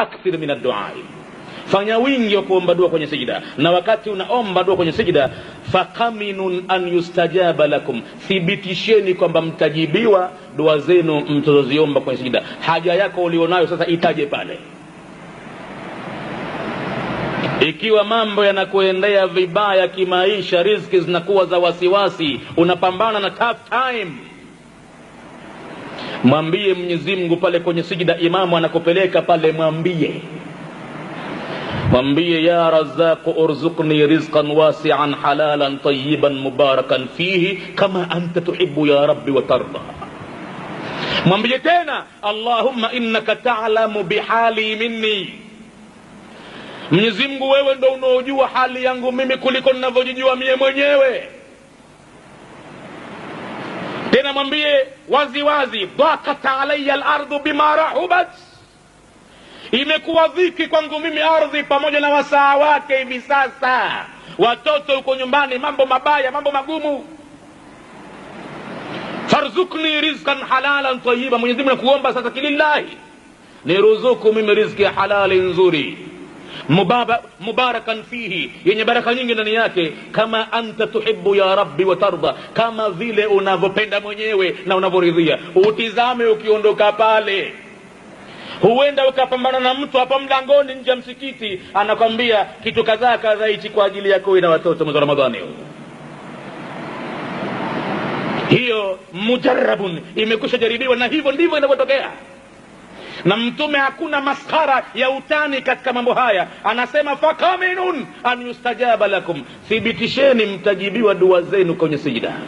akthir min adduai, fanya wingi wa kuomba dua kwenye sijida, na wakati unaomba dua kwenye sijida, fakaminun an yustajaba lakum, thibitisheni kwamba mtajibiwa dua zenu mtazoziomba kwenye sijida. Haja yako ulionayo sasa itaje pale. Ikiwa mambo yanakuendea vibaya kimaisha, riziki zinakuwa za wasiwasi, unapambana na tough time mwambie Mwenyezi Mungu pale kwenye sijida, imamu anakopeleka pale, mwambie mwambie, ya razaqu urzuqni rizqan wasi'an halalan tayyiban mubarakan fihi kama anta tuhibbu ya rabbi wa tarda. Mwambie tena, allahumma innaka ta'lamu bihali minni Mwenyezi Mungu, wewe ndo unaojua hali yangu mimi kuliko ninavyojijua mie mwenyewe tena mwambie waziwazi dhakat alaya lardhu bima rahubat imekuwa dhiki kwangu mimi ardhi pamoja na wasaa wake hivi sasa watoto huko nyumbani mambo mabaya mambo magumu farzukni rizkan halalan tayiba mwenyezimungu nakuomba sasa kilillahi niruzuku mimi rizki halali nzuri mubarakan fihi, yenye baraka nyingi ndani yake. Kama anta tuhibu ya rabbi wa tarda, kama vile unavyopenda mwenyewe na unavyoridhia. Utizame ukiondoka pale huenda ukapambana na mtu hapa mlangoni nje ya msikiti anakwambia kitu kadhaa kadhaa hichi kwa ajili yako na watoto mwezi wa ramadhani hiyo mujarabun imekwisha jaribiwa na hivyo ndivyo inavyotokea na mtume hakuna maskhara ya utani katika mambo haya anasema fakaminun an yustajaba lakum thibitisheni mtajibiwa dua zenu kwenye sijida